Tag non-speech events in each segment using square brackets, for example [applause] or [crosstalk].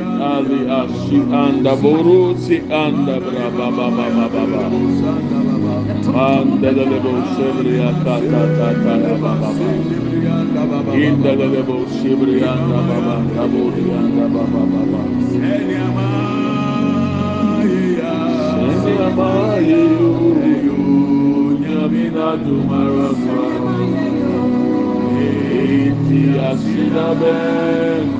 ali ashi anda borusi anda braba baba baba baba anda lele bo sebri ata ta ta ta baba baba inda lele bo sebri anda baba kaburi anda baba baba seni amaye ya seni amaye eti asina ben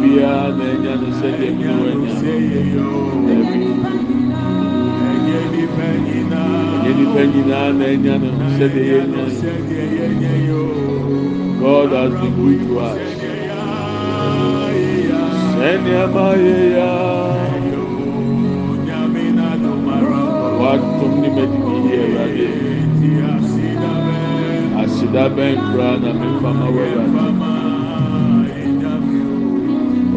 God has been good to us What nneɛma yɛya watom ne madidi yi awurade aseda bɛn koraa na memfa ma wɔ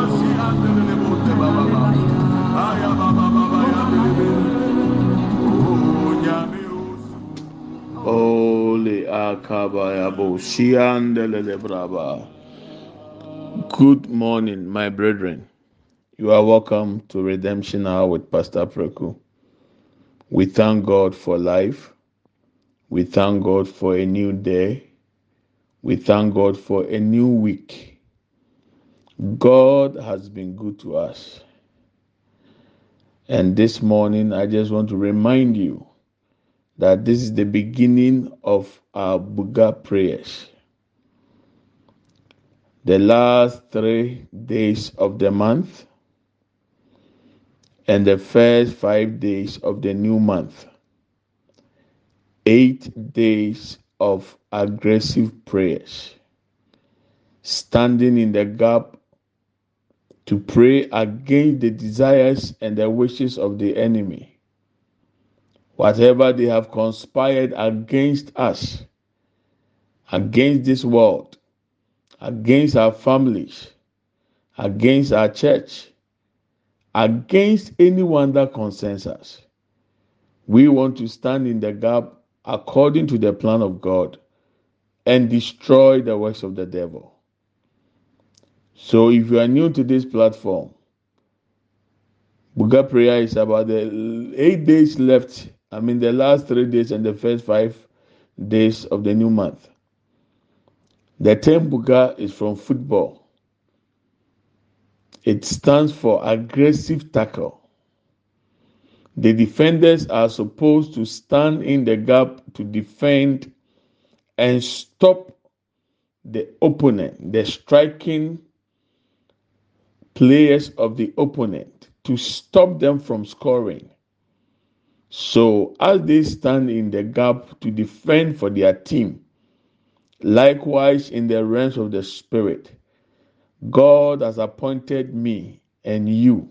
Good morning, my brethren. You are welcome to Redemption Hour with Pastor Preku. We thank God for life. We thank God for a new day. We thank God for a new week. God has been good to us. And this morning, I just want to remind you that this is the beginning of our Buga prayers. The last three days of the month and the first five days of the new month. Eight days of aggressive prayers, standing in the gap to pray against the desires and the wishes of the enemy. Whatever they have conspired against us, against this world, against our families, against our church, against anyone that concerns us. We want to stand in the gap according to the plan of God and destroy the works of the devil. So if you are new to this platform, Buga prayer is about the eight days left. I mean the last three days and the first five days of the new month. The term Buga is from football. It stands for aggressive tackle. The defenders are supposed to stand in the gap to defend and stop the opponent, the striking players of the opponent to stop them from scoring. So, as they stand in the gap to defend for their team, likewise in the realms of the Spirit, God has appointed me and you.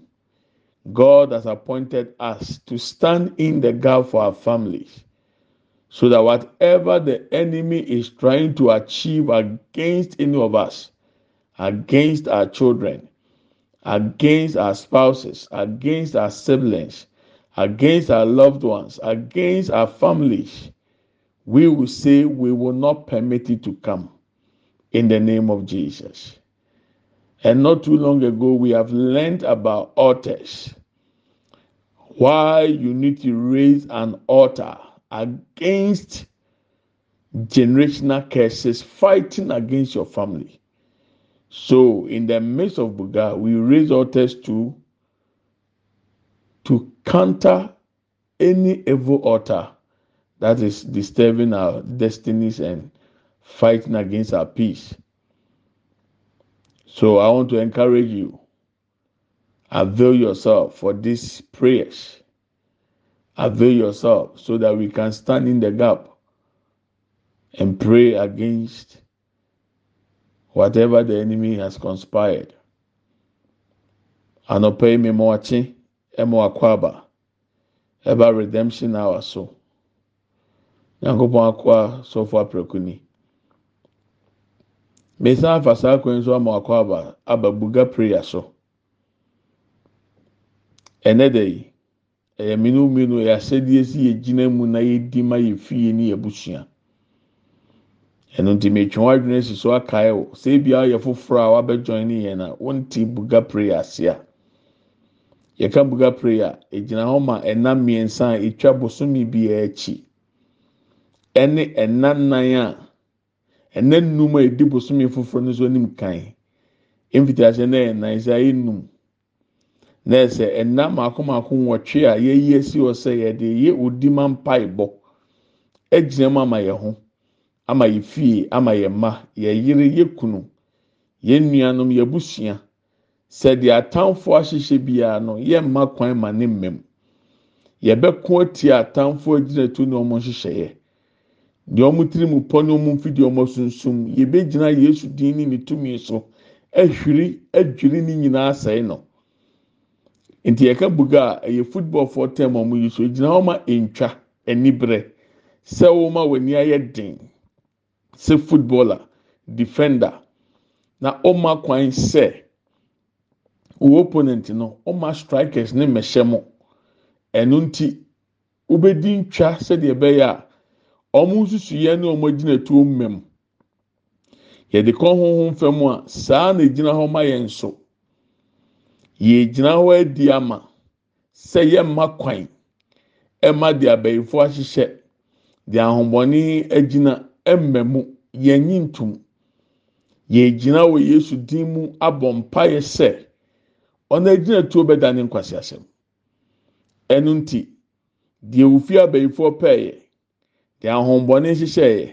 God has appointed us to stand in the gap for our families so that whatever the enemy is trying to achieve against any of us, against our children, against our spouses, against our siblings, against our loved ones, against our families, we will say we will not permit it to come in the name of Jesus. And not too long ago, we have learned about altars. Why you need to raise an altar against generational curses, fighting against your family so, in the midst of Buga, we raise to to counter any evil altar that is disturbing our destinies and fighting against our peace. So, I want to encourage you. Avail yourself for these prayers. Avail yourself so that we can stand in the gap and pray against whatever the enemy has conspired. Anọpẹ mi mọ e akyi ɛmọ akɔ aba ɛba e redemption hour so. Nyankopɔn akɔ a sɔfo apɛko ni. Mesan afa akụ nso ama akɔ aba aba buga prayer so. Ene da yi ɛyɛ e minnu minnu yɛ asɛdeɛ si yɛ gyina mu na yɛ di ma yɛ fie ne ɛno nti metwe wɔn adwene si so akae o sɛ ebi ayɛ foforɔ a wabɛjoin ne yɛn a wɔnti buga prayer ase a yɛka buga prayer egyina hɔ ma ɛna mmiɛnsa a etwa bosomi biara akyi ɛne ɛna nnan a ɛna nnum a edi bosomi foforɔ no so anim kan mfitahyɛ na yɛ nan sɛ ayɛ num na ɛsɛ ɛna mako mako nwɔtwe a yɛyi esi hɔ sɛ yɛde yɛ odima mpaebɔ egyina mu ama yɛn ho. ama yɛ fie ama yɛ mma yɛ yere yɛ kunu yɛ nuanom yɛ busua sɛdeɛ atamfoɔ ahyehyɛ biara no yɛ mma kwan ma ne mmɛm yɛbɛko atia atamfoɔ agyinatu ne wɔn nhyehyɛeɛ deɛ wɔn tiri mu pɔ ne wɔn mfidie wɔn sunsun yɛbɛgyina yesu din ne ne tumi so ahwiri adwiri ne nyinaa sɛe no nti yɛka buga a ɛyɛ footballfoɔ tɛm wɔn yi so gyina wɔn a ntwa anibrɛ sɛ wɔn a wɔn ani ayɛ den sɛ footballer defender na ɔma kwan sɛ wɔn opponent no ɔma strikers ne mmɛhyɛ mo ɛno nti wobɛdi ntwa sɛdeɛ ɛbɛyɛ a wɔn nsusuiɛ ne wɔn agyina tuo mmɛm yɛde kɔn honhom fam a saa na egyina hɔ ma yɛn so yɛgyina hɔ adi ama sɛ yɛmma kwan ɛma deɛ abɛyifo ahyehyɛ deɛ ahombɔni agyina. mma mu yɛnyi ntom yɛgyina wɔ yesu din mu abɔ mpaeɛ sɛ ɔno agyina tuo bɛda ne nkwasi asɛm ɛno nti deɛ ofi abɛyifoɔ pɛɛyɛ deɛ ahombɔne hyehyɛɛyɛ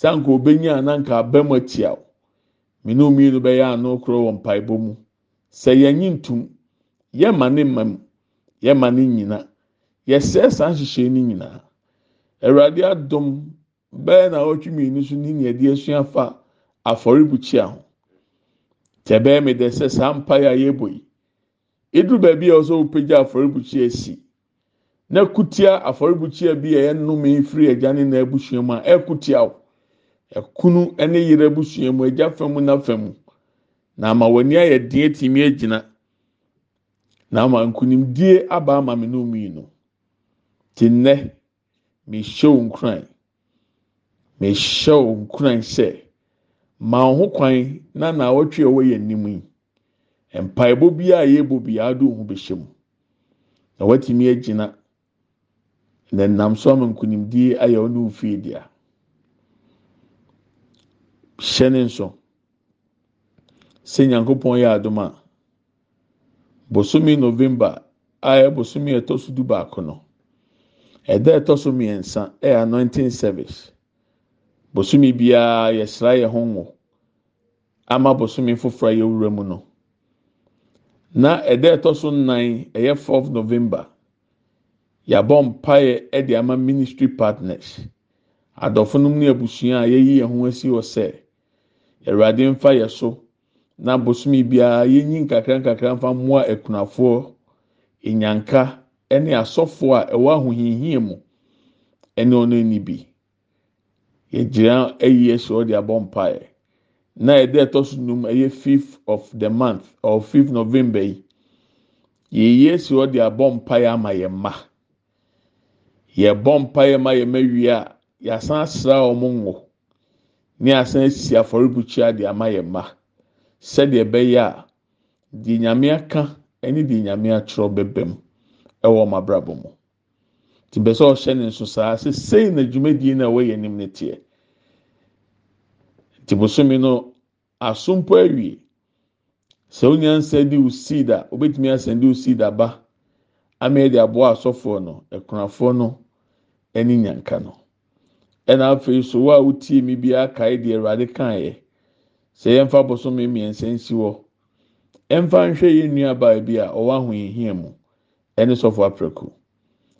sanka obenya ananka abɛm akyia o mene omienu bɛyɛ ano korɔ wɔ mpaebɔ mu sɛ yɛnyi ntom yɛma ne mma mu yɛma ne nyina yɛsɛɛ saa nhyehyɛe no nyinaa awurade adom bɛyɛ na ɔtwi mmienu so ne nea yɛde asua fa afɔrebukyia ho tɛ bɛyɛ mi dɛ sɛ saa ya a yɛbɔ yi edu beebi a ɔsɛ ɔpagya afɔrebukyia esi na kutia afɔrebukyia bi a yɛnome efiri agya ne na abusua mu a ɛkutia o ɛkunu ne yere abusua mu agya fam na fam na ama wani ani ayɛ deɛ tìmi agyina na ama nkunimdie aba ama mi no mu yi no te nnɛ mehyɛ na ɛhyɛ wo nkuran sɛ maa wo ho kwan na naawɔtwe a wɔyɛ anim yi mpaebɔ biara a yɛbɔ biara de wo ho bɛhyɛ mu na woatumi agyina na nam so ama nkonimdie ayɛ wo ne wo fie dea hyɛ ne nso sɛ nyankopɔn yɛ adom a bosome november a ɛyɛ bosome ɛtɔ so du baako no ɛda ɛtɔ so mmiɛnsa ɛyɛ anointing service bosomi biara yɛsra yɛn ho ngo ama bosomi foforɔ a yɛwura mu no na ɛda ɛtɔ so nnan ɛyɛ fourth november yabɔ mpaeɛ ɛde ama ministry partners adɔfo nom ne abusua a yɛyi yɛn ho asi hɔ sɛ awurade mfa yɛ so na bosomi biara yɛnyi nkakra nkakra mfa mmoa akunafoɔ enyanka ɛne asɔfoɔ a ɛwɔ ahohiahia mu ɛne ɔno ani bi. yɛgyina ayie so ɔde abɔ mpae na ɛde ɛtɔ so num ɛyɛ fifth of the month or fifth november yi yɛyie so ɔde abɔ mpae ama yɛn mma yɛbɔ mpaeɛ ma yɛn mma wie a yɛasan asra wɔn ngo ne asan asi afɔrebukyia de ama yɛn mma sɛdeɛ ɛbɛyɛ a deɛ nyame aka ɛne deɛ nyame atwerɛ bɛbɛm ɛwɔ ɔmo abrabɔ mu. ti bɛ sɛ ɔhyɛ ne nso saa sɛ sei na dwumadie na wɔyɛ nim ne teɛ ti bosomi no asompo awie sɛ onya nsɛn de o seed a obetumi asɛn de o seed aba ama yɛde aboa asɔfoɔ no ɛkonafoɔ no ɛne nyanka no ɛna afei so wo a wotie mi bi akae deɛ awurade kan yɛ sɛ yɛmfa bosomi mmiɛnsa nsi hɔ ɛmfa nhwɛ yɛn nua baa bi a ɔwɔ ahoyehia mu ɛne sɔfo aprɛko.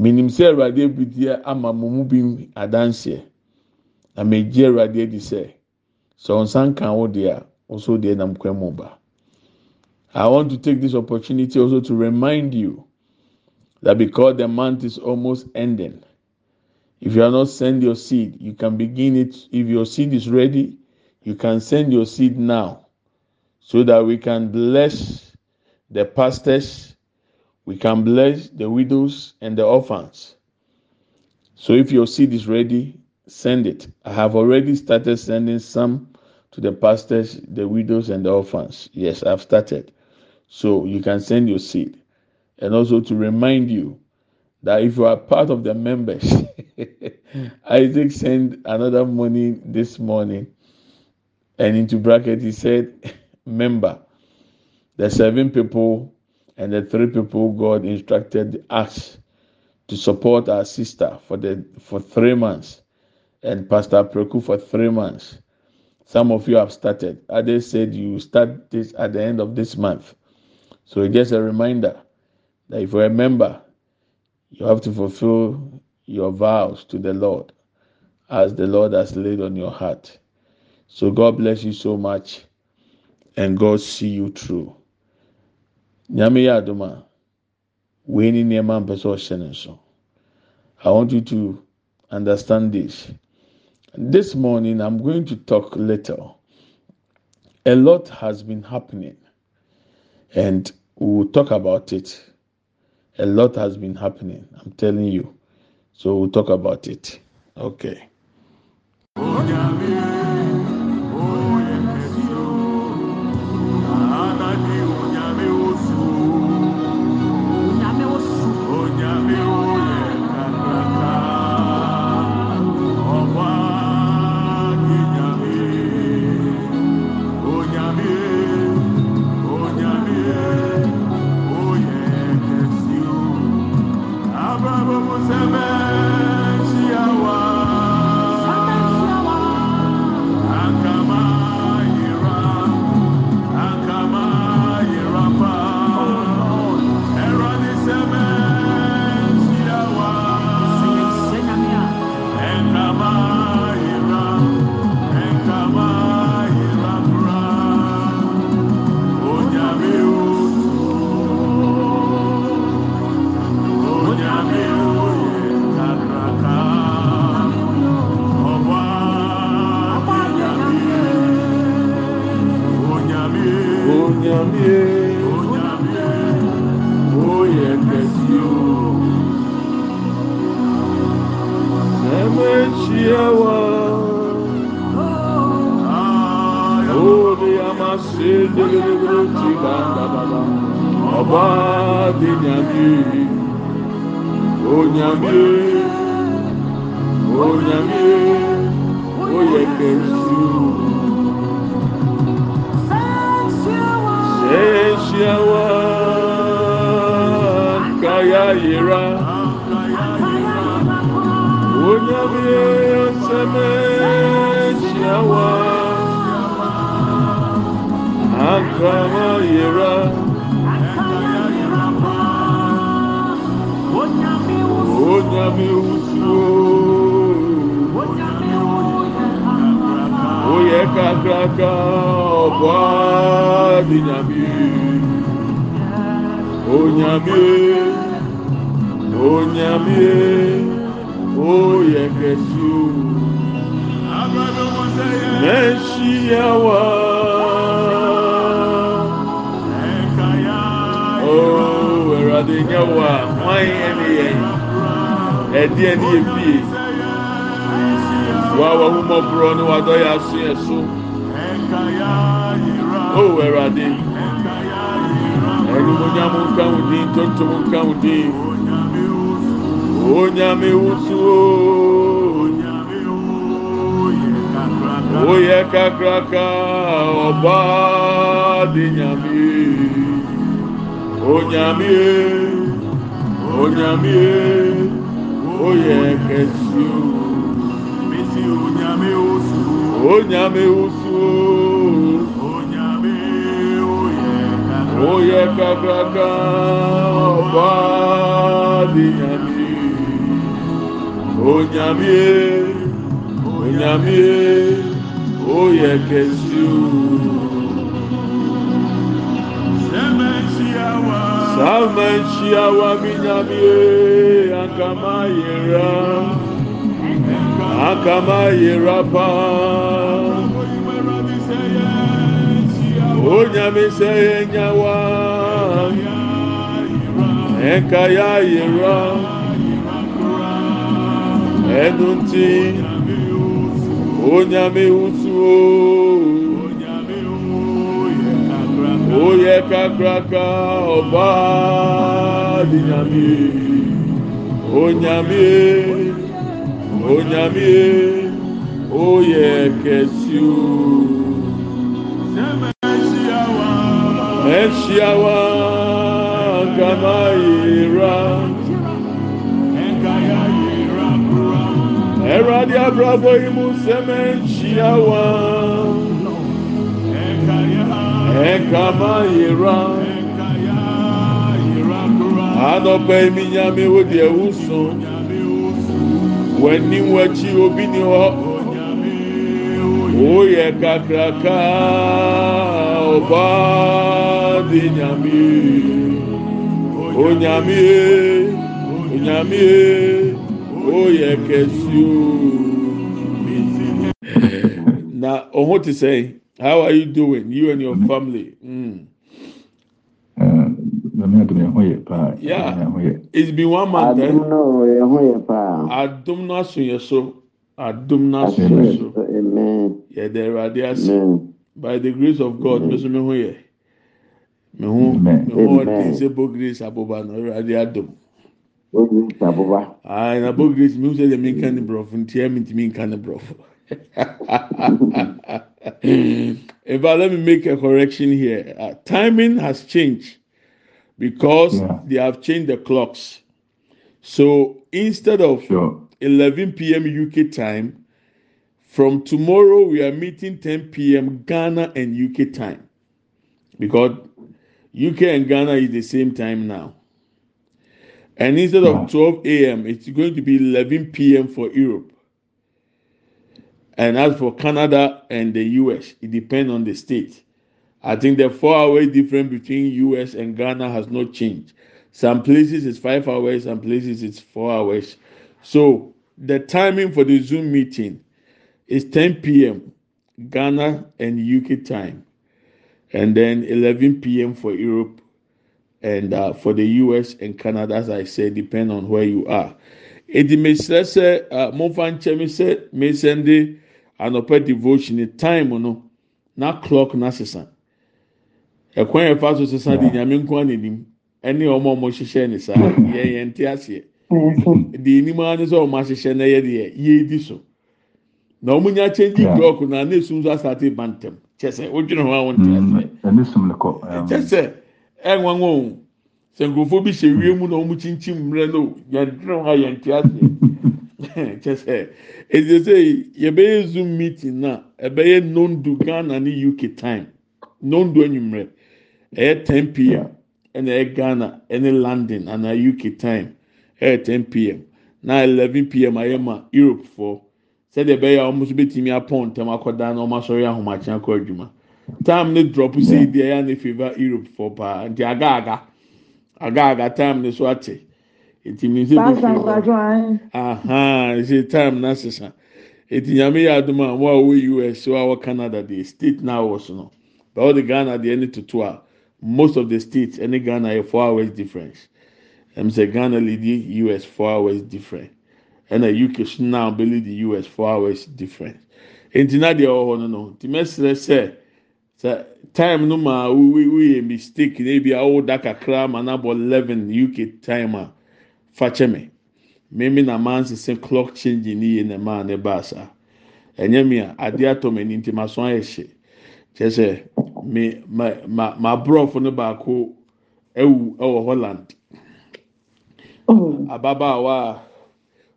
menim sɛ awurade abidia ama mo mu bi adanseɛ na megye awurade adi sɛ sɛ ɔnsan kan wo deɛ a ɔso deɛ nam kwan mu ba i want to take this opportunity also to remind you that because the month is almost ending if you are not send your seed you can begin it if your seed is ready you can send your seed now so that we can bless the pastors We can bless the widows and the orphans. So if your seed is ready, send it. I have already started sending some to the pastors, the widows, and the orphans. Yes, I've started. So you can send your seed. And also to remind you that if you are part of the members, [laughs] Isaac sent another money this morning. And into bracket, he said, member. The seven people and the three people God instructed us to support our sister for the for three months and Pastor Preku for three months. Some of you have started. Others said you start this at the end of this month. So just a reminder that if you remember, you have to fulfill your vows to the Lord as the Lord has laid on your heart. So God bless you so much and God see you through. nyami yaduma we ni neamanpesawa shaninso i want you to understand this this morning i'm going to talk lattel a lot has been happening and wewill talk about it a lot has been happening i'm telling you so will talk about it oky yekesu meshiyawa oh erade nyawa wan ene yen edi ene ebie wa wa humo bro ni wa do ya so eso oh erade ẹnu mo nyà mo nka ho din tonto mo nka ho din. onyame wusuo oyɛ kakraka ɔba de nyame onyame onyame oyɛ kɛsio mesi onyame wusuo onyame wusuo onyame oyɛ kakraka ɔba de nyame. onyamie onyamie oyɛ kɛseɛ sáàmà nhyia wa mi nyamie akama yera akama yera paa onyame sɛ yɛ nyawa ɛnka yɛ ayera ẹnu ntị onye amị utu onye kakraka ọba dị nyamị onye amị onye amị onye kesiu. Meshiawa. brabo imu awa, nchiawa ekama yira adọgba emi nyame wo deɛ wusu w'ani w'akyi obi ni hɔ woyɛ kakraka oba di nyame onyame onyame woyɛ kɛseɛ o. Now, I want to say, how are you doing, you and your family? Hmm. Mm. Yeah, it's been one month. I don't know. I don't know. I don't know. Amen. Yeah, there are the by the grace of God. Mr. Mehoye, Mehu, Mehu, Dinsebo Grace Aboba, no, Radi Adum. Aye, Abo Grace, Mehu, say the Minkan Brof, and Tiamin Minkan Brof. [laughs] but let me make a correction here. Uh, timing has changed because yeah. they have changed the clocks. So instead of sure. 11 p.m. UK time, from tomorrow we are meeting 10 p.m. Ghana and UK time because UK and Ghana is the same time now. And instead yeah. of 12 a.m., it's going to be 11 p.m. for Europe. And as for Canada and the US, it depends on the state. I think the four hour difference between US and Ghana has not changed. Some places it's five hours, some places it's four hours. So the timing for the Zoom meeting is 10 p.m. Ghana and UK time, and then 11 p.m. for Europe and uh, for the US and Canada, as I said, depend on where you are. It Mofan said, anɔpɛ devotion time no na clock na sesa ɛkwan yɛ fa so sesa de nyame nko ananim ɛne ɔmo ɔmo hyehyɛ ne saa yɛn yɛn te aseɛ deɛ ara ne sɛ ɔmo ahyehyɛ na yɛ deɛ yɛ edi so na ɔmo nya kyɛnji clock na ne sun so asate ba ntɛm kyɛ sɛ odwene a wɔn te aseɛ kyɛ sɛ sɛ nkurɔfoɔ bi hyɛ wiem na ɔmo kyinkyin mmerɛ no yɛn dwene ho a yɛn aseɛ. kyesɛ ɛsɛ sɛ yɛbɛyɛ zoom meeting na ɛbɛyɛ nondu ghana ne uk time nondu enyimrɛ ɛyɛ ten pm ɛna ɛyɛ ghana ɛne london ana uk time ɛyɛ ten pm na eleven pm ayɛ ma europe fo sɛdeɛ ɛbɛyɛ a wɔn nso bɛtumi apɔn ntɛm akɔda na wɔn asɔre ahomakye akɔ adwuma time ne drop si deɛ ɛyɛ a ne favour europe fo paa nti agaaga agaaga time ne so ate. nti mi nse bɛ fi time na sisan nti nyame yɛ adum a a wɔyɛ us wɔn a wɔ canada deɛ state na wɔ so no bɛɛ the ghana deɛ ɛne toto a most of the states ɛne ghana yɛ eh, four hours difference ɛm sɛ ghana lead us four hours different ɛna uk so now bɛ lead us four hours different nti na deɛ ɔwɔ hɔ no no nti mɛsirɛ sɛ sɛ time no ma wɔyɛ mistake na ebi awo da kakra ma na bɔ eleven uk time a. fakyɛ me mimi na maa nsese clock change ne yie na maa ne baasa ɛnyɛ mi a adeɛ atɔ m'ani nti ma so ayɛ hyɛ kyɛ mi ma ma ma aborɔfo no baako ɛwu ɛwɔ Holland oh. ababaawa a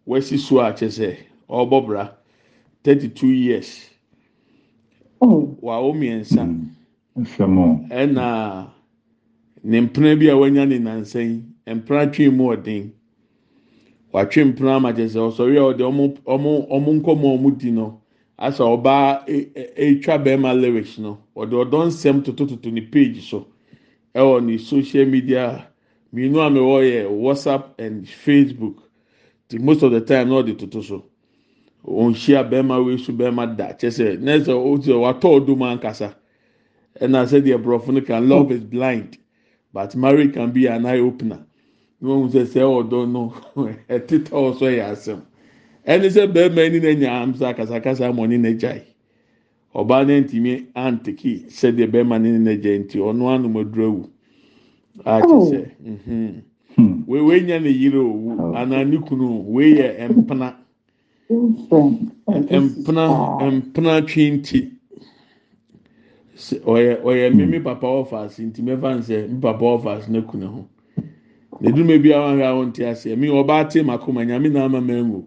wɔasi so a kyɛ sɛ bra thirty two years oh. wawo mmiɛnsa ɛna hmm. ne mpena bi a wanya ne nansa yi mpena atwi mu ɔden. watwe mpena ama kyerɛ sɛ ɔsɔre a ɔde ɔmo ɔmo ɔmo nkɔmɔ ɔmo di no e e etwa bɛrima lyrics no ɔde ɔdɔ nsɛm totototo ne page so ɛwɔ e, ne social media mmienu a mɛwɔ yɛ whatsapp and facebook ti most of the time na ɔde toto so ɔnhyia bɛrima wei so bɛrima da kyerɛ sɛ nɛɛsɛ ɔtɔ watɔ ɔdum ankasa ɛna sɛ deɛ borɔfo no kan love is blind but marry can be an eye opener. wọn sɛ sɛ ɔdɔ no ɛteta ɔsɔ yɛ asɛm ɛne sɛ bɛrima ani na nya amsa kasakasa ama ɔne na gyae ɔbaa na ntumi antiki sɛdeɛ bɛrima ne na gya nti ɔno anum adura wu akyɛ sɛ wei wei nya ne yiri owu anaa ne kunu wei yɛ mpena mpena mpena twi nti ɔyɛ ɔyɛ mímí papa ɔfaase nti mɛfa nsɛ mí papa ɔfaase ne kunu ho. n'edume bi ahụ ahụ ntị asị emi ọba ate mako ma nyame na ama mengu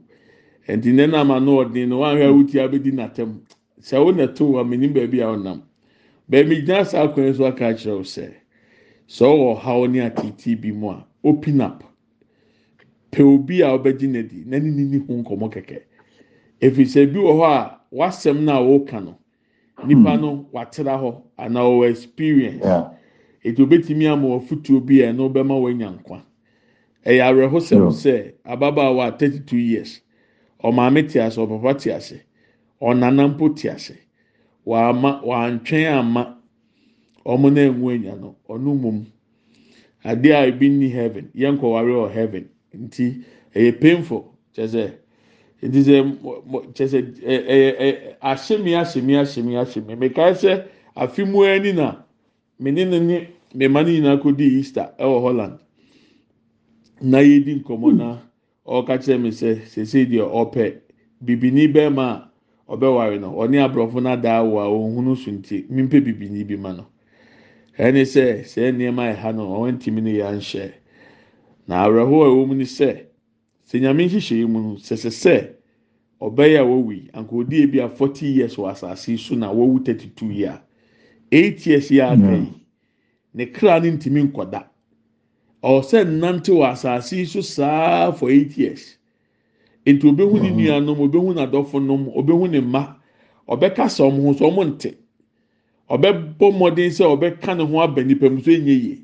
nti nne na ama na ọdịn na wahụ ahụ ti abedi n'atam sị ahụ na eto wa menim beebi a ọnam beebi gyina saa akwan nso aka akyerɛ sɛ sɛ ɔwɔ ɔhaw ne atiti bi mụ a open up pɛ obi a ɔbɛgye n'adi n'ani nini ho nkɔmɔ kɛkɛ efisɛ bi wɔ hɔ a wasɛm na ɔka no nipa no hmm. watera hɔ ana ɔwɔ experience. Yeah. eti obetumi ama ɔfutuo bi a ɛno bɛma wɔanya nkwa ɛyɛ awerɛhosɛm sɛ ababaawa a thirty two years ɔmaame te ase ɔpapa te ase ɔnana mpo te ase wama wantwɛn ama wɔn na enwu enya no ɔno mom adeɛ a ebi ni heaven yɛn nkɔware wɔ heaven nti ɛyɛ painful kyɛ sɛ nti sɛ kyɛ sɛ ɛɛ ɛɛ ahyɛmi ahyɛmi ahyɛmi ahyɛmi mekae sɛ afi mu ɛni na. mene ne ne mema ne nyinaa kɔ di easter ɛwɔ holland na yɛdi na ɔka kyerɛ eme sɛ sese deɛ ɔpɛ bibini bɛrima a ɔbɛware no ɔne aborɔfo ada a ohunu so nti mpe bibini bi ma no ɛne sɛ sɛ nneɛma ɛha no ɔwɔ ntumi ne yɛn nhyɛ na awerɛhoɔ a ɛwɔ mu ne sɛ sɛ nyame nhyehyɛ mu no sɛsɛ sɛ ɔbɛyɛ a odi ebi a forty years wɔ asaase so na wɔwu thirty two eight years yi ata yi ne kra ne ntumi nkɔda ɔsɛ nante wɔ asaase yi so saa for eight years nti obehu ne nuanom obehu n'adɔfonom obehu ne mma ɔbɛka sɛ ɔmo ho sɛ ɔmo nte ɔbɛbɔ mmɔden sɛ ɔbɛka ne ho aba nipa mu so enye yie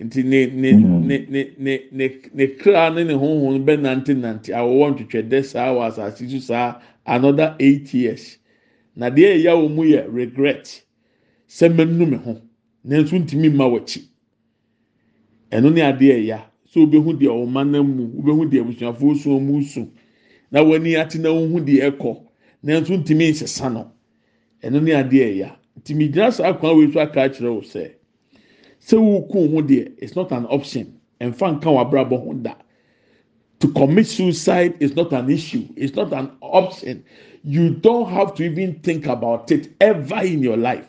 nti ne ne ne ne ne ne ne kra ne ne honhom bɛ nante nante awɔwɔ ntwitwɛ dɛ saa wɔ asaase yi so saa another eight years na deɛ ɛyɛ wɔn mu yɛ regret. sɛ mɛnu me ho nanso ntumi mma w'akyi ɛno ne adeɛ ɛya sɛ obehu deɛ ɔma nan mu obehu deɛ abusuafoɔ so ɔmo so na w'ani ate na ohu deɛ ɛkɔ nanso ntumi nsesa no ɛno ne adeɛ ɛya ntumi gyina saa kwan wei so aka akyerɛ wo sɛ sɛ wokun ho deɛ it's not an option ɛnfa nka w'abrabɔ ho da to commit suicide is not an issue it's not an option you don't have to even think about it ever in your life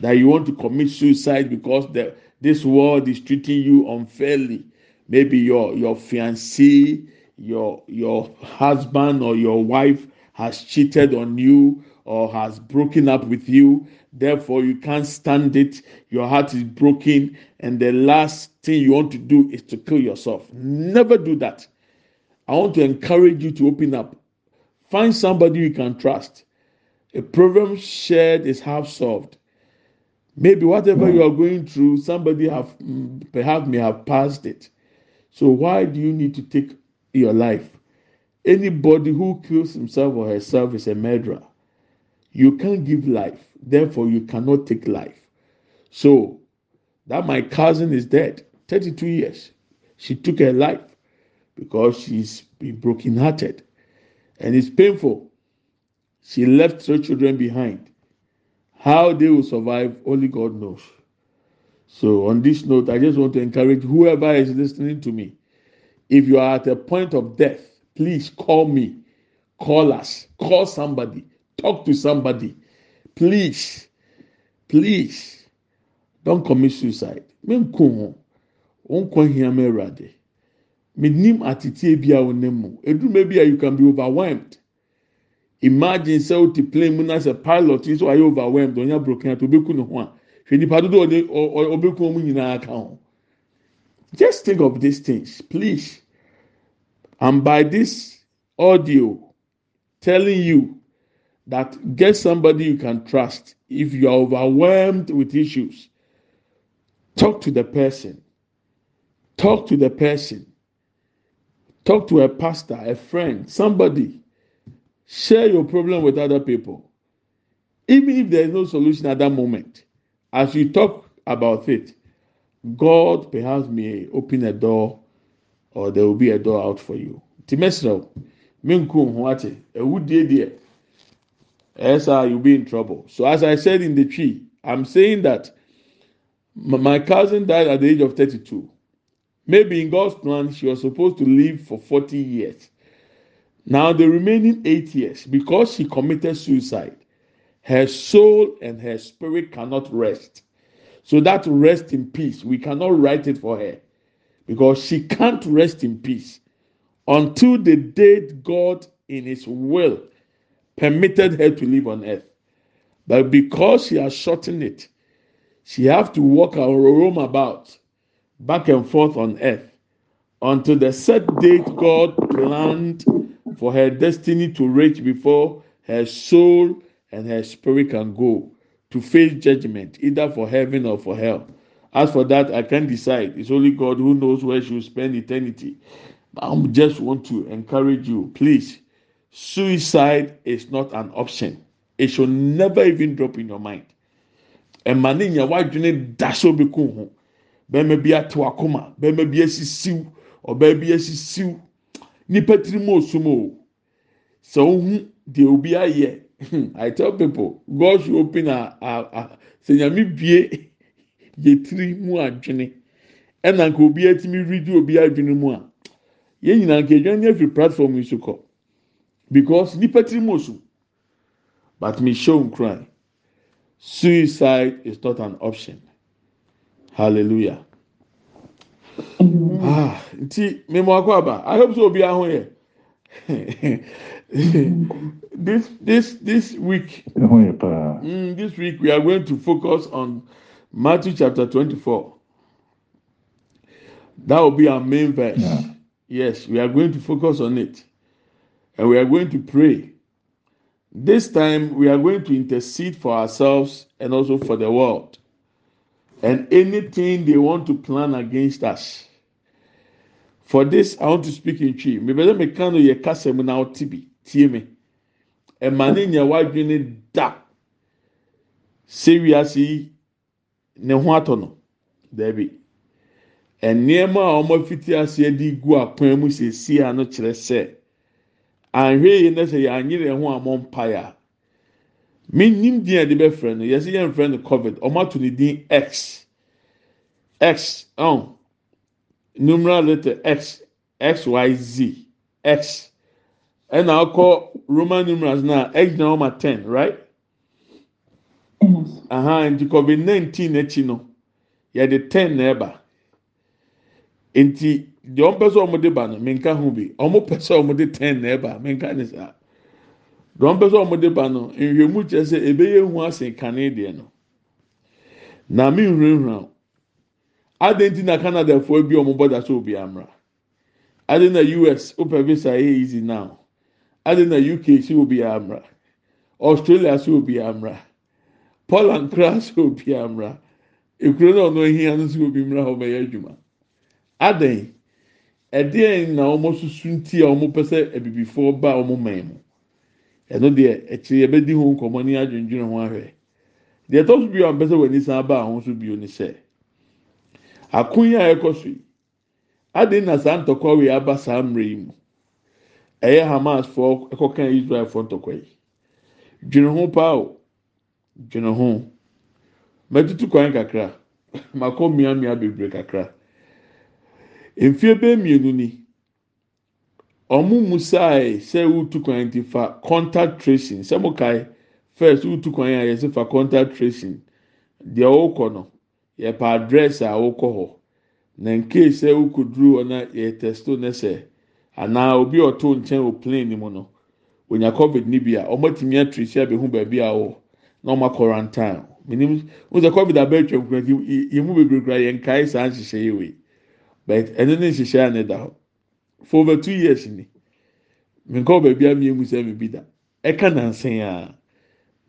that you want to commit suicide because the, this world is treating you unfairly. Maybe your your fiancé, your your husband or your wife has cheated on you or has broken up with you. Therefore, you can't stand it. Your heart is broken, and the last thing you want to do is to kill yourself. Never do that. I want to encourage you to open up. Find somebody you can trust. A problem shared is half solved maybe whatever you are going through somebody have mm, perhaps may have passed it so why do you need to take your life anybody who kills himself or herself is a murderer you can't give life therefore you cannot take life so that my cousin is dead 32 years she took her life because she's been brokenhearted and it's painful she left her children behind How they will survive, only God knows. So, on this note, I just want to encourage whoever is listening to me. If you are at a point of death, please call me, call us, call somebody, talk to somebody. Please, please don't commit suicide. Menkun ho, nkwa hia me awurade. Menim atete bi a wonem mu. Edurume you can be overwhelmed imagine sɛ wote plane mu na sɛ pilot nso ayɛ overwhelmed ɔnya broken at obeku ne ho a hwɛ nipa dodo ɔde ɔbeku wɔn nyinaa ka ho just think of these things please and by this audio telling you that get somebody you can trust if you are overwhelmed with issues talk to the person talk to the person talk to a pastor a friend somebody Share your problem with other people. Even if there is no solution at that moment, as you talk about it, God perhaps may open a door or there will be a door out for you. Timesra, minkum huate, ewudie die. Esa, you'll be in trouble. So as I said in the tree, I'm saying that my cousin died at the age of 32. Maybe in God's plan, she was supposed to live for 40 years. Now, the remaining eight years, because she committed suicide, her soul and her spirit cannot rest. So that rest in peace, we cannot write it for her because she can't rest in peace until the date God, in His will, permitted her to live on earth. But because she has shortened it, she have to walk and roam about back and forth on earth until the set date God planned for her destiny to reach before her soul and her spirit can go to face judgment, either for heaven or for hell. As for that, I can't decide. It's only God who knows where she will spend eternity. I just want to encourage you, please. Suicide is not an option. It should never even drop in your mind. Ɛma ne nya wadwene da so bi ko ho. Bɛrima bi ato akoma, bɛrima bi asisiw, ɔbaa bi nipa tiri mu ɔsum oo sɛ wohu deɛ obi ayɛ hmm, i tell peple god sho open sɛ nyame bue [laughs] yɛtiri mu adwene ɛnanka obiaa tumi weredi obi adwene mu a yɛn nyina nka adwane ne afiri platform yi so kɔ because nipa tirimu ɔsom but meshow m kry suicide is not an option halleluah Ah, nti mímu akɔ aba i hope so obi aho yɛ [laughs] this this this week mm, this week we are going to focus on matthew chapter twenty-four that will be our main verse yeah. yes we are going to focus on it and we are going to pray this time we are going to intercede for ourselves and also for the world. and anything they want to plan against us. For this, I want to speak in tree. Mebele mekano ye kasem na otibi tie me. Emane nya wadwene da. Se wiase ne ho atɔ no. Dabi. E Nneɛma a wɔafiti aseɛ de gu akwan mu siesie ano kyerɛ sɛ ahwɛ yi na sɛ yɛanyere ho a mɔmpaeɛ a mennim din de bɛfrɛ no yɛsɛ yɛ mfrɛ no covid ɔmo ato no din x x numeral lite x xy z x ɛna ɔkɔ roma numerous noa hna oma 10 right a nti covid-19 akyi no yɛde 10 na ɛba nti deɛ ɔmpɛ sɛ ɔmo de ba no menka ho bi ɔmo pɛ sɛ ɔmode 10n nabamenkas deɛ ɔmpɛ sɛ ɔmo ba no nhwɛmu kyerɛ sɛ ebɛyɛ ehu ase kane deɛ no na mi nhwɛnhwɛn adan ti na canada foɔ bi ɔmo bɔda so obi amra adan na us opɛ visa ɛyɛ eh, easy now adan na uk si obi amra australia si obi amra poland kra si obi amra ekuro na ɔno ehia no si obi mra ɔmo ɛyɛ adwuma adan ɛdeɛn na ɔmo susu nti a ɔmo pɛ sɛ abibifoɔ ba ɔmo mɛn mu. ɛno deɛ akyire yɛbɛdi ho nkɔmɔ ne adwendwene ho ahwɛ deɛ ɛtɔ so bio a mpɛ sɛ w'ani san ba ho so bio ne sɛ akonya a ɛkɔ so yi adeɛ na saa ntɔkwa wei aba saa mmerɛ yi mu ɛyɛ hamas foɔ ɛkɔka israel foɔ ntɔkwa yi dwene ho paa o dwene ho mɛtutu kwan kakra [laughs] makɔ mmiamia bebree kakra mfie bɛɛ mmienu ni. ọmụ musae sɛ wotu kwan dị fa contact tracing sɛ first wotu kwan a yɛsi fa contact tracing deɛ ɔrekɔ no yɛpɛ address a ɔrekɔ hɔ na nkee ọ na yɛtɛsto ne sɛ anaa obi ɔto nkyɛn wɔ mu onya covid a a na ọmụ akɔrantan minim ụzọ covid abɛɛtwa nkura nti yɛn mu bebree kura saa nhyehyɛ yi but for over two years ni nkɔ baabi a mmienu sɛ mi da ɛka nansan a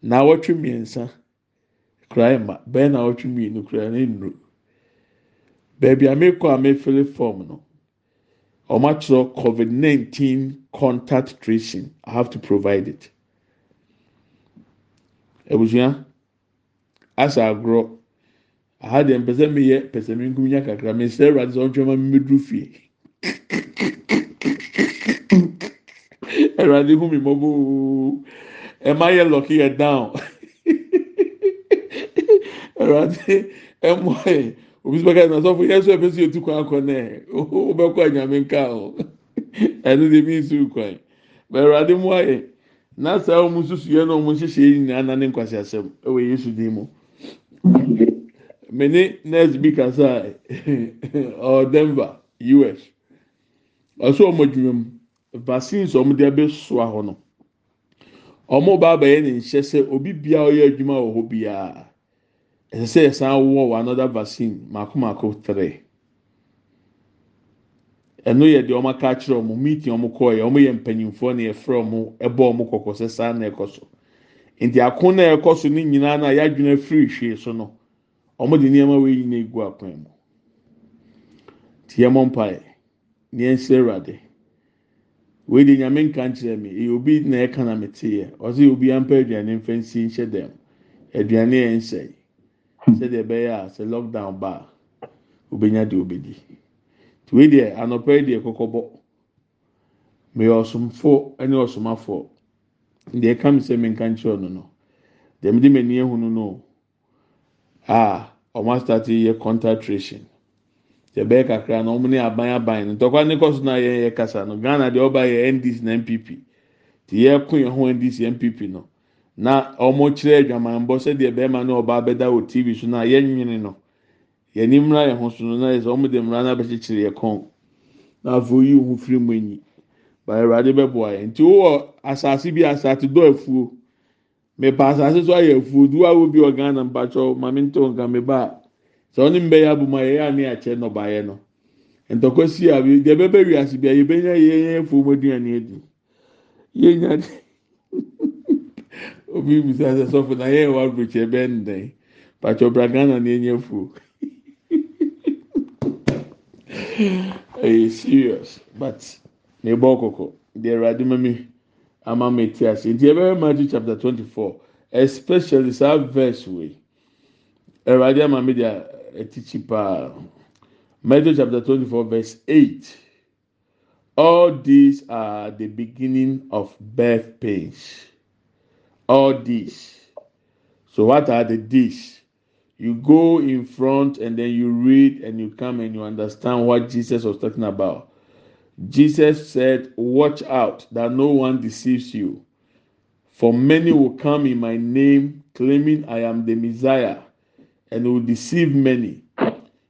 na awɔtwe mmiɛnsa kura ɛma bɛyɛ na awɔtwe mmienu kura ne nnuro baabi a mekɔ a mefili fɔm no wɔn akyerɛ covid nineteen contact tracing i have to provide it abusua asa agorɔ aha deɛ mpɛsɛ meyɛ pɛsɛ mi nkumi nya kakra mesɛ ɛwura de sɛ ɔntwɛn ma mi duru fie. Ẹ̀rọ̀adé fún mi mọ́bú ẹ má yẹ lọ́kì ẹ̀ dáhùn. Ẹ̀rọ̀adé ẹ mọ̀ ẹ̀ òbí sọ́kà ẹ̀ sọ́fún yẹ́ sọ́ ẹ̀ fẹ́ sí otu kwan kọ́ náà ó bẹ́ kọ́ ẹ̀yàmí nká o ẹ̀nu dè mí nsú kwan. Ẹ̀rọ̀adé mú ayẹ̀ náà sá ọmú nsúsú yẹn náà ọmú nhyehyẹ yìí nyinaa nane nkwasi asẹm ẹwọ yẹn sùn dín mu. Mene nurse bi kasa ọ̀ Denver US. ɛsɛ wɔn adwuma mu vaccines wɔn de abɛsoa hɔ no wɔn ba abɛyɛ ne nhyɛ sɛ obi bia ɔyɛ adwuma wɔ hɔ biara ɛsɛ sɛ yɛsan wɔ wɔ another vaccine mako mako three ɛno yɛ deɛ wɔn aka akyerɛ wɔn meeting wɔn kɔɔ yɛ wɔn yɛ mpanyinfoɔ na yɛfrɛ wɔn ɛbɔ wɔn kɔkɔ sɛ saa na ɛkɔ so nti ako na ɛkɔ so ne nyinaa na yɛadwene firi hwee so no wɔn de nneɛma yi na egu akwan mu tie mɔ mpaeɛ. nea ɛsɛ wei de nyame nka nkyerɛ mi eyi obi na ɛka na mi te yɛ ɔsi obi ampɛ aduane nfɛ nsi nhyɛ dɛm aduane yɛ nsɛ sɛde ɛbɛyɛ a sɛ lockdown ba a obenya deɛ obedi te wei deɛ anɔpɛ deɛ kɔkɔbɔ meyɛ ɔsomfo ɛne ɔsomafo deɛ ɛka mi sɛ mi nka nkyerɛ no no deɛ mi de mi ani ehunu no a ɔmo asitati yɛ contact tracing. yɛbɛyɛ kakra na wɔn ne aban aban no ntɔkwa ne kɔso na yɛn yɛ kasa no ghana deɛ ɔba yɛ ndc na npp te yɛko yɛn ho ndc npp no na wɔn kyerɛ adwamanbɔ sɛdeɛ bɛrima ne ɔbaa bɛda wɔ tv so na yɛn nwene no yɛn mmra yɛn ho so no na yɛ sɛ wɔn de mmra na bɛkyekyere yɛ kɔn na afɔ yi ho firi mu enyi baa awurade bɛboa yɛn nti wowɔ asase bi asate dɔ afuo mɛpa asase so ayɛ afuo duwa wo bi wɔ ghana mpatsɔ maame ntɔn nka mɛba a. sɛ ɔne mbɛyɛ aboma yɛ ani akyɛ nɔbaeɛ no ntɔkwasi a deɛ bɛbɛ wi ase bia yɛbɛnya yɛn afuo mu aduane adi yɛnya de [laughs] obi bisa sɛ sɔfo na yɛn wa abirikyɛ bɛn dɛn pàtó bra ghana na yɛnya afuo ɛyɛ serious but na ebɔ kɔkɔ deɛ ɛwurade mami ama mi ti ase nti ɛbɛyɛ matthew chapter twenty four especially saa verse wei ɛwurade ama mi deɛ. teaching power. Matthew chapter 24, verse 8. All these are the beginning of birth pains. All these. So, what are the these? You go in front and then you read and you come and you understand what Jesus was talking about. Jesus said, Watch out that no one deceives you. For many will come in my name, claiming I am the Messiah and will deceive many.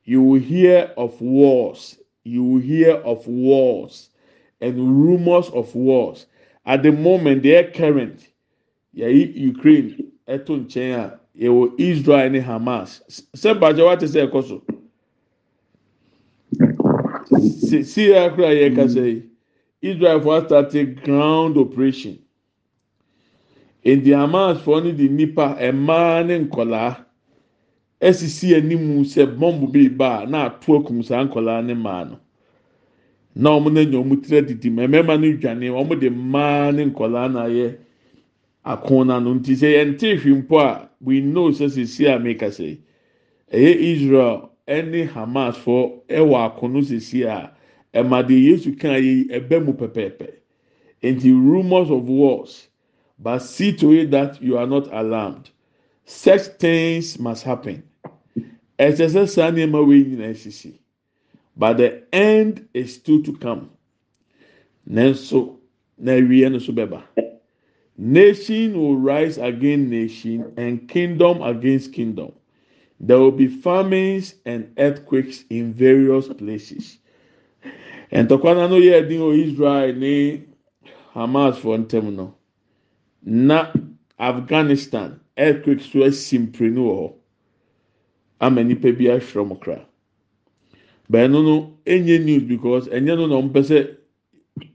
You will hear of wars, you will hear of wars and rumors of wars. At the moment, they are current. Yɛyi Ukraine ɛto nkyɛn It will Israel and Hamas. Sɛ bàjẹ́ wa ti sɛ ɛkɔ so. Syria kura yɛ Israel for start ground operation. In the Hamas for only the nipa a man in nkɔlaa esisi anim sɛ bɔmbu bi ba na ato akum saa nkɔlaa ne mmaa no na wɔn n'anya wɔn tiri adidi ma mmarima no dwane wɔn de mmaa ne nkɔlaa na ayɛ ako n'ano nti sɛ yɛn ti hwi mpo a we know sɛ sisi a meka sɛ ɛyɛ israel ɛne hamas fo ɛwɔ akono sisi a ɛma de yesu kan yi ɛbɛ mu pɛpɛɛpɛ nti rumours of wars but see to it that you are not alarmed such things must happen ɛkyɛ sɛ saa nnoɔma wei nyina asisi but the end is still to come ns na awiɛ no nso bɛba nation wol rise against nation an kingdom against kingdom dere wil be farmines an earthquakes in various places ɛntɔkwa no no yɛ din wɔ israel ne hamas fɔɔ ntamu no na afghanistan earthquakes so asimpiri no wɔ hɔ ama nipa bi But I kra bɛɛno no enye news because enye no na have sɛ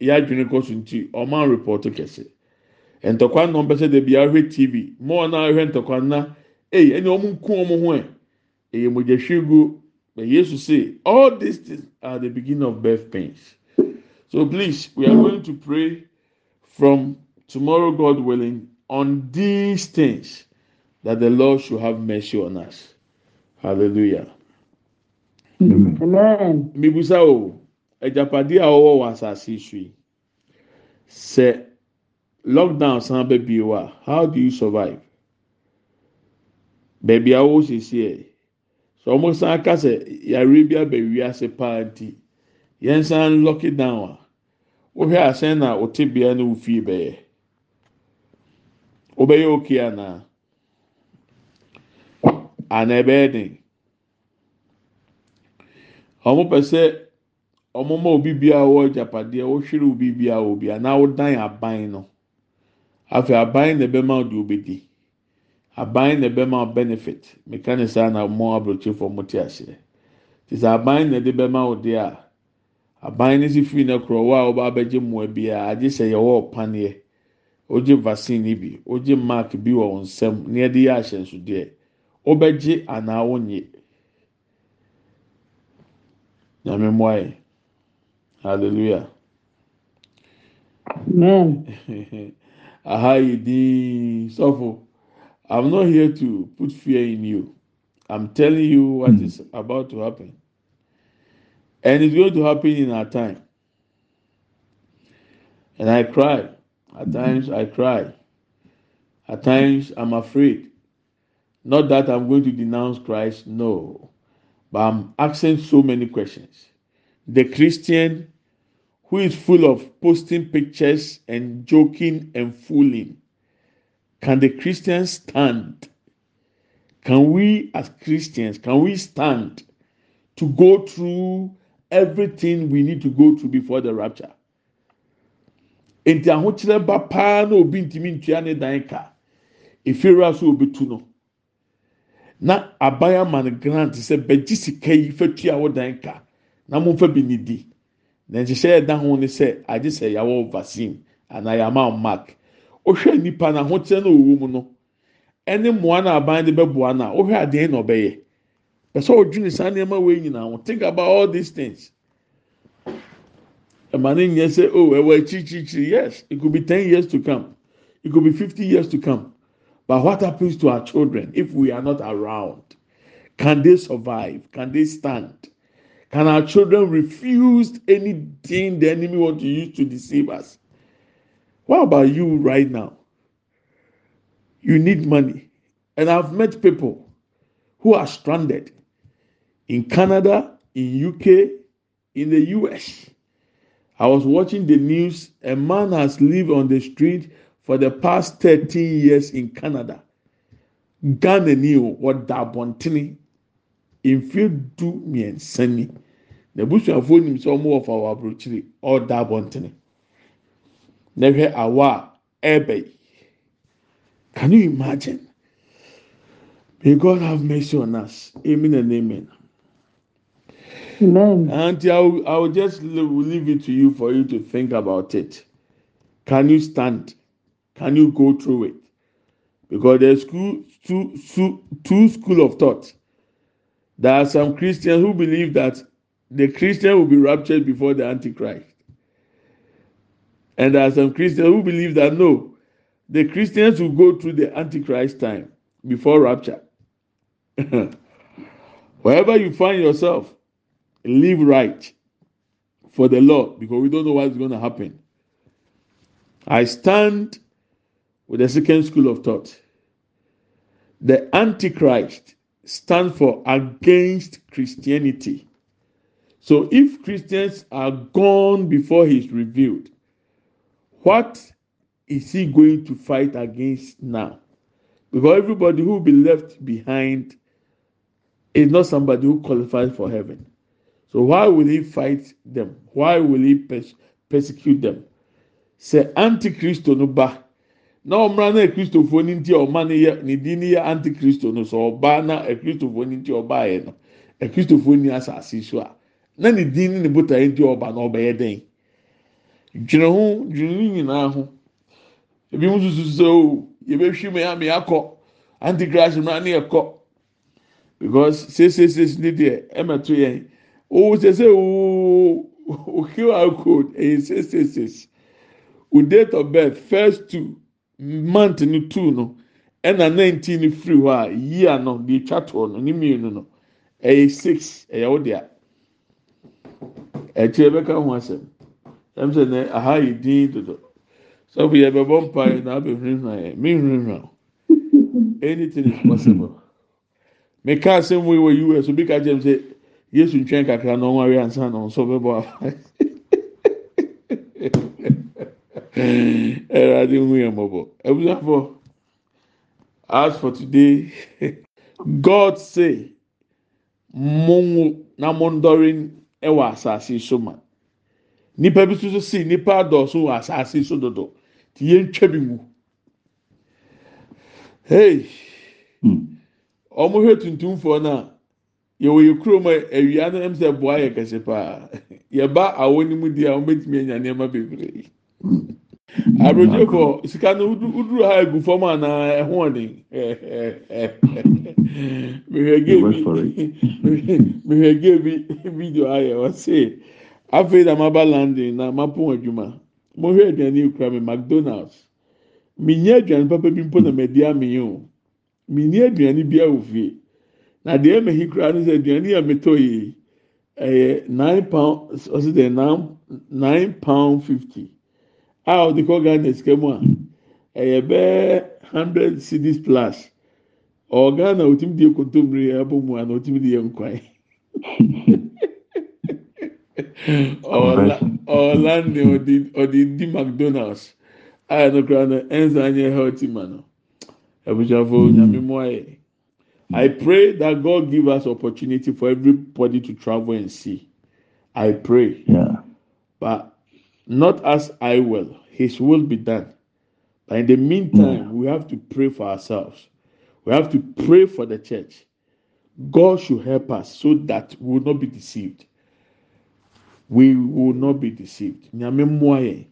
yadwene kɔ so nti ɔman report kɛse ntɔkwa na ɔmpɛ sɛ debi ahwɛ tv mɔɔ na ahwɛ ntɔkwa na eyi ɛnna wɔn nku wɔn ho ɛ eyi mogya hwi gu but yesu say all these things are the beginning of birth pains so please we are going to pray from tomorrow god willing on these things that the lord should have mercy on us. hallelujah. mibisa o agyapadeɛ a ɔwɔ wɔ asase so yi lockdown san bɛ wa, how do you survive baabi a wɔwɔ si yɛ sɛ wɔn san ka sɛ yare bi ase paa nti yɛn san lock down a wohwɛ asɛn na ɔte bea ne wofie ya wobɛyɛ okay na. ana den wɔn pɛ sɛ ọmụma obi obi biara wɔ agyapadeɛ wɔhwere obi biara obi anaa wɔdan aban no afei aban na ɛbɛma deɛ obedi aban na ɛbɛma benefit meka ne saa na mo aburokyifo mo te aseɛ te sɛ aban na ɛde bɛma deɛ a aban na esi firi na korɔ wɔ a wɔba abɛgye adị biara ya sɛ panie ɔpaneɛ ogye vaccine bi ogye mark bi wɔ wɔn nsam na yɛde yɛ ahyɛnsodeɛ. wobɛgye anaa wonye nyame mmoa yɛ hallelujah amen [laughs] aha yi dii sɔfo i'm not here to put fear in you i'm telling you what is about to happen and it's going to happen in our time and i cry at times i cry at times i'm afraid Not that I'm going to denounce Christ, no. But I'm asking so many questions. The Christian who is full of posting pictures and joking and fooling, can the Christians stand? Can we as Christians, can we stand to go through everything we need to go through before the rapture? Nti na obi ka, obi tu no. na aban ama no grant sɛ bɛgye sika yi fatu a wodan ka na momfa bi ne di na nhyehyɛ yɛ da ho ne sɛ agye sɛ yɛawɔ vaccine anaa yɛama mark wohwɛ nipa na ahokyerɛ no ɔwɔ mu no ɛne mmoa no aban de bɛboa no a wohwɛ adeɛ na ɔbɛyɛ pɛsɛ ɔdwene saa nneɛma wei nyinaa ho think about all these things ɛma e ne nyɛ sɛ oh ɛwɔ e akyirikyirikyiri yes it could be ten years to come it could be fifty years to come But what happens to our children if we are not around? Can they survive? Can they stand? Can our children refuse anything the enemy wants to use to deceive us? What about you right now? You need money. And I've met people who are stranded in Canada, in UK, in the US. I was watching the news. A man has lived on the street for the past 13 years in Canada, Ghana knew what ni o wɔda abɔntene mfe du mmiɛnsa the bush busuafoɔ have sɛ wɔn more of our aburokyire ɔda da na Never awa a ɛbɛ can you imagine may God have mercy on us amen and amen. Amen. Auntie, I will, I will just leave it to you for you to think about it. Can you stand? Can you go through it? Because there's two, two, two school of thought. There are some Christians who believe that the Christian will be raptured before the Antichrist. And there are some Christians who believe that no, the Christians will go through the Antichrist time before rapture. [laughs] Wherever you find yourself, live right for the Lord because we don't know what's going to happen. I stand with the second school of thought. The Antichrist stands for against Christianity. So if Christians are gone before he is revealed, what is he going to fight against now? Because everybody who will be left behind is not somebody who qualifies for heaven. So why will he fight them? Why will he persecute them? Say Antichrist no back. na ọmra na ekristofo ni nti ọma ne yɛ ni di ne yɛ antikristo no so ɔbaa na ekristofo ni nti ɔbaa yɛ no ekristofo ni asase so a na ne di ne ne botae nti ɔba na ɔbɛyɛ den dwene ho dwene ni nyinaa ho ebi mo susu sɛ o yɛbɛhwi mu ya mi anti antikrist mra ne yɛ kɔ because sesesese ne deɛ ɛmɛ to yɛn o sese o o qr code ɛyɛ sesesese o date of birth first two. Month no two no ɛna nineteen no firi hɔ a yia no deɛ etwa toɔ no ne mmienu no ɛyɛ six ɛyɛ wo dea ɛkyerɛ bɛka ho asɛm ɛm sɛ nɛ aha yɛ din dodo sɔfo yɛ bɛbɔ mpae na abɛhwinhwa yɛ mehwinhwa anything is possible meka asɛm wo wɔ us obi ka kyerɛ m sɛ yesu ntwɛn kakra na ɔmo awie ansa na ɔmo nso bɛbɔ afa. Ẹ̀rọ̀dé hu yẹn mọ̀ bọ̀. Ẹ̀bùsàfọ̀, as for today, God say, mo ń na mo ń dọ́rin wɔ asase so ma. Nnipa bi nso si nnipa dɔɔso wɔ asase so dodo. Ti yɛn ntwa bi mu. Hey! Ɔmo hwɛ tuntumfoɔ no a, yɛwɔ yɛ kurom a awia no ɛm sɛ boa yɛ kɛse paa. Yɛba awo no mu di a, wɔn bɛtumi anya nneɛma bebree. aburokyefo mm-hmm. sika no uduru ha egu fam a na ɛho ɔden mehwɛ geebi mehwɛ geebi video ayɛ ɔse afei na maba landing na mapo adwuma mohwɛ aduane ekura mi mcdonalds minyɛ aduane papa bi mpo na mɛdi amiyi o minyɛ aduane bi a na deɛ mehi kura no sɛ aduane a metɔ yi ɛyɛ nine pound ɔsi dɛ nine pound fifty. ɔde kɔ ga na ɛsika mu a ɛyɛ bɛɛ 1undred cities plus ɔghana wɔtimi deɛ kontɔmmiriɛ abmu a na wɔtimi deɛ nkwan ɔr lande ɔde di macdonalds mm. ayɛ no kra no ɛnsanyɛ healtim a no ɔbtyafo nyamemuayɛ i pray that god give us opportunity for everybody to travel and si i prayb Not as I will, His will be done. But in the meantime, hmm. we have to pray for ourselves. We have to pray for the church. God should help us so that we will not be deceived. We will not be deceived. And I'm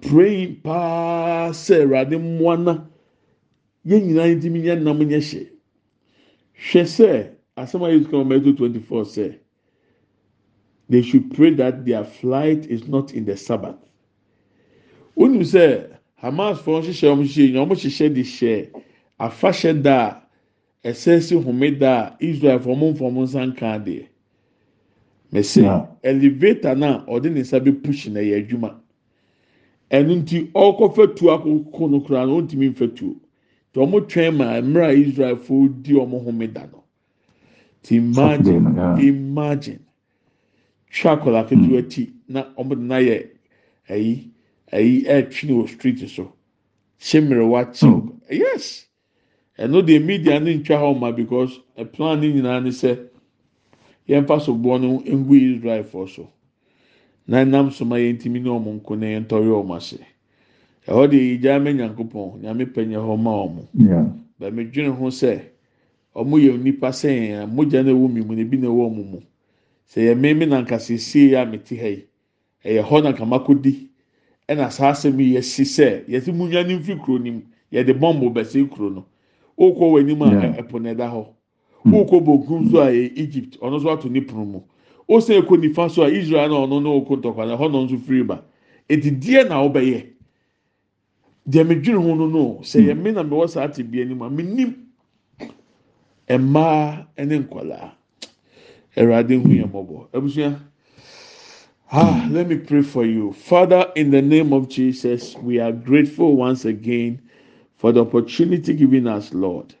praying, Pastor Radimwana. Yen yina ntimi nya nam nyɛ hye. Hwɛ sɛ asɛm twenty four say." they should pray that their flight is not in the sabbath When wọnú say hamas fọ ṣiṣẹ ọmọ you almost ọmọ the share. ṣẹ afahyɛ da a ɛsɛ si home da a israel fɔmɔ nfɔmɔ nsa nka adeɛ mɛsɛ elevator na ɔde ne nsa bɛ push na ɛyɛ adwuma ɛnu nti ɔkɔfɛ tuo akoko no koraa na ɔntumi nfɛ tuo for wɔn twɛn ma mmerɛ a israelfoɔ di wɔn home da no imagine imagine. hwɛ akwadaa ketewa ti na wɔde no ayɛ wɔ street so hyɛ mmerewa hmm. yes ɛno de media no ntwa hɔ ma because eh, plan no nyinaa ne sɛ yɛmfa so boɔ no ngu israel fo so na nam so ma ne nko na yɛntɔre wɔn ase ɛhɔ deɛ yɛgya mɛ nyame hɔ ma dwene ho sɛ yɛ nipa sɛn a mogya na ɛwɔ mu mu na ebi na ɛwɔ mu sɛ yɛ mmemme na nka siesie yɛ a mete ha yi ɛyɛ hɔ na nka makodi ɛna saa asɛm yi yɛsi sɛ yɛsi mu nwa ne kuro no yɛde bɔmbo bɛsi kuro no okɔ wɔ anim a ɛpo na ɛda hɔ hmm. okɔ bonkum so a ɛyɛ Egypt ɔno nso ato ne pono mu ose ekɔ nifa so a Israel na ɔno na okɔ ntɔkwa na hɔ na nso firi ba eti deɛ na ɔbɛyɛ deɛ medwiri ho no no sɛ yɛ mme hmm. na mewɔ saa ate bi anim a menim mmaa ne nkwadaa. Ah, let me pray for you. Father, in the name of Jesus, we are grateful once again for the opportunity given us, Lord.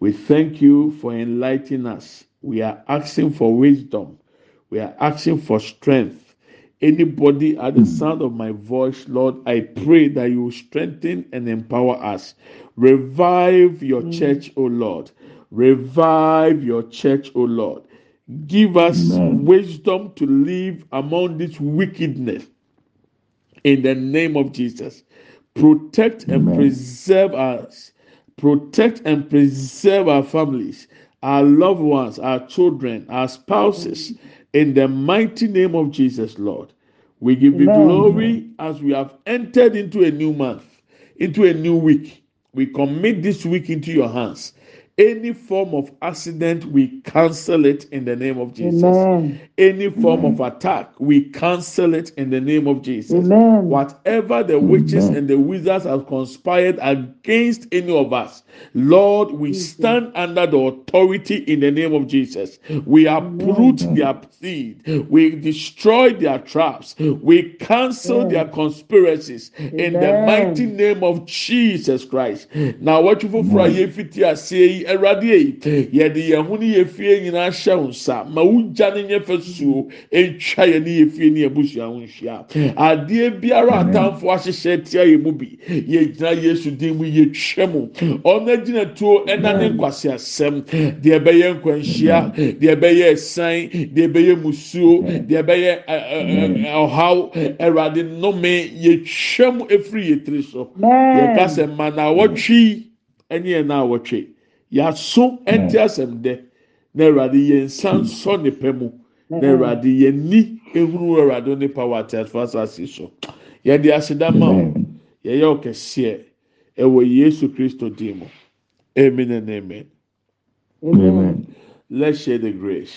We thank you for enlightening us. We are asking for wisdom. We are asking for strength. Anybody at the sound of my voice, Lord, I pray that you strengthen and empower us. Revive your mm. church, O Lord. Revive your church, O Lord. Give us Amen. wisdom to live among this wickedness in the name of Jesus. Protect Amen. and preserve us. Protect and preserve our families, our loved ones, our children, our spouses, in the mighty name of Jesus, Lord. We give you glory as we have entered into a new month, into a new week. We commit this week into your hands. Any form of accident, we cancel it in the name of Jesus. Amen. Any form Amen. of attack, we cancel it in the name of Jesus. Amen. Whatever the witches and the wizards have conspired against any of us, Lord, we stand under the authority in the name of Jesus. We uproot their seed, we destroy their traps, we cancel their conspiracies in the mighty name of Jesus Christ. Now, what you for nti awurade yi yɛde yɛn ho ne yɛn fie nyinaa hyɛ wo nsa ma wogya ne nyɛ fɛ suo etwa yɛn ne yɛn ne yɛn ho nhyia adeɛ biara atamfo ahyehyɛ tia yɛn mu bi yɛgyina yesu din mu yɛtwa mu ɔno gyina tuo ɛna ne nkwasi asɛm deɛ bɛyɛ nkwanhyia deɛ bɛyɛ ɛsan deɛ bɛyɛ musuo deɛ bɛyɛ ɛɛ ɔhaw awurade nnome yɛtwa mu efiri yɛtiri so yɛka sɛ mmanawɔtwi ɛne yɛn na yɛaso ɛnte asɛm dɛ na awurade yɛnsa nsɔ nnepɛ mu na awurade yɛni hunu ɔɔ awurade wo nipa wɔ ateasfaasaasi so yɛde aseda ma o yɛyɛ ɔkɛseɛ ɛwɔ yesu kristo din mu mn nmee ac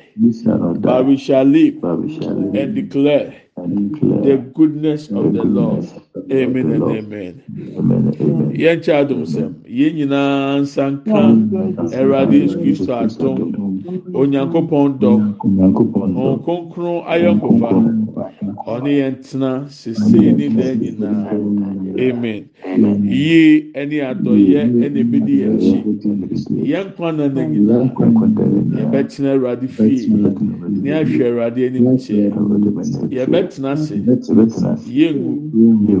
but we shall live and declare the goodness of the Lord. amen and amen yɛn kyɛ adomsɛm yɛn nyinaa nsa nka awurade yesu kristo atom onyankopɔn dɔ wɔn konkron ayɔnkofa ɔne yɛn tena sesei ne dan nyinaa amen yie ɛne adɔyɛ ɛna ebi di yɛn akyi yɛn kwan na na nyinaa yɛbɛtena awurade fie ne ahwɛ awurade anim kyɛ yɛbɛtena ase yɛngu.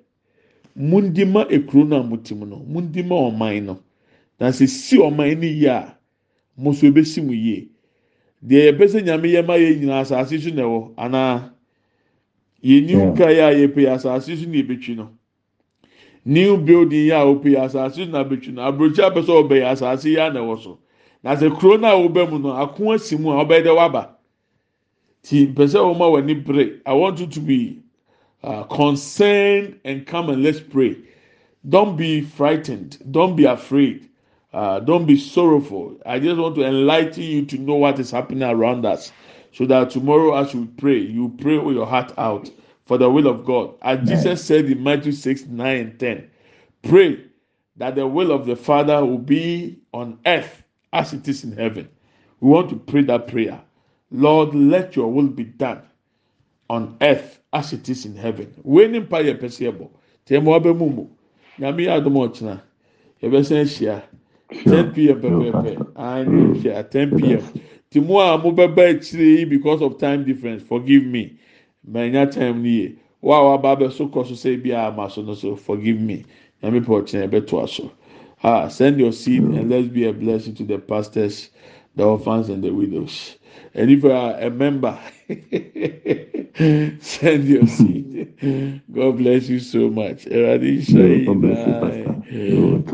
mundi ma ekuro na muti mu no mundi ma ɔman no na sɛ si ɔman ni yie a mo ebesi mu yie deɛ yɛpɛ sɛ nyame yɛ ma yɛ nyinaa so na ɛwɔ anaa yɛ a na ebetwi no new building yɛ a wɔpɛ na abetwi no aburokyi apɛ ɔbɛ yɛ asase yɛ a na ɛwɔ so na sɛ kuro na mu no mu a dɛ waba ti a wɔn ani bere i want to be. Uh, concerned and come and let's pray. Don't be frightened. Don't be afraid. Uh, don't be sorrowful. I just want to enlighten you to know what is happening around us so that tomorrow, as you pray, you pray with your heart out for the will of God. As Jesus said in Matthew 6 9 and 10, pray that the will of the Father will be on earth as it is in heaven. We want to pray that prayer. Lord, let your will be done on earth as it is in heaven wei ni mpa yɛ pɛsɛ ɛbɔ tɛmɛ ɔbɛ mu mu nyame yɛ adomu ɔkyena yɛbɛsɛn ahyia ten pm pɛpɛpɛ anyi ahyia ten pm ti mu a mo bɛba akyire yi because of time difference forgive me mɛnya time ni yie wo a waba abɛso kɔ so sɛ ebi a ama so no so forgive me nyame pɛ ɔkyena yɛbɛto aso ah send your seed and let's be a blessing to the pastors the orphans and the widows. And if you are a member, [laughs] send your [laughs] seed. God bless you so much.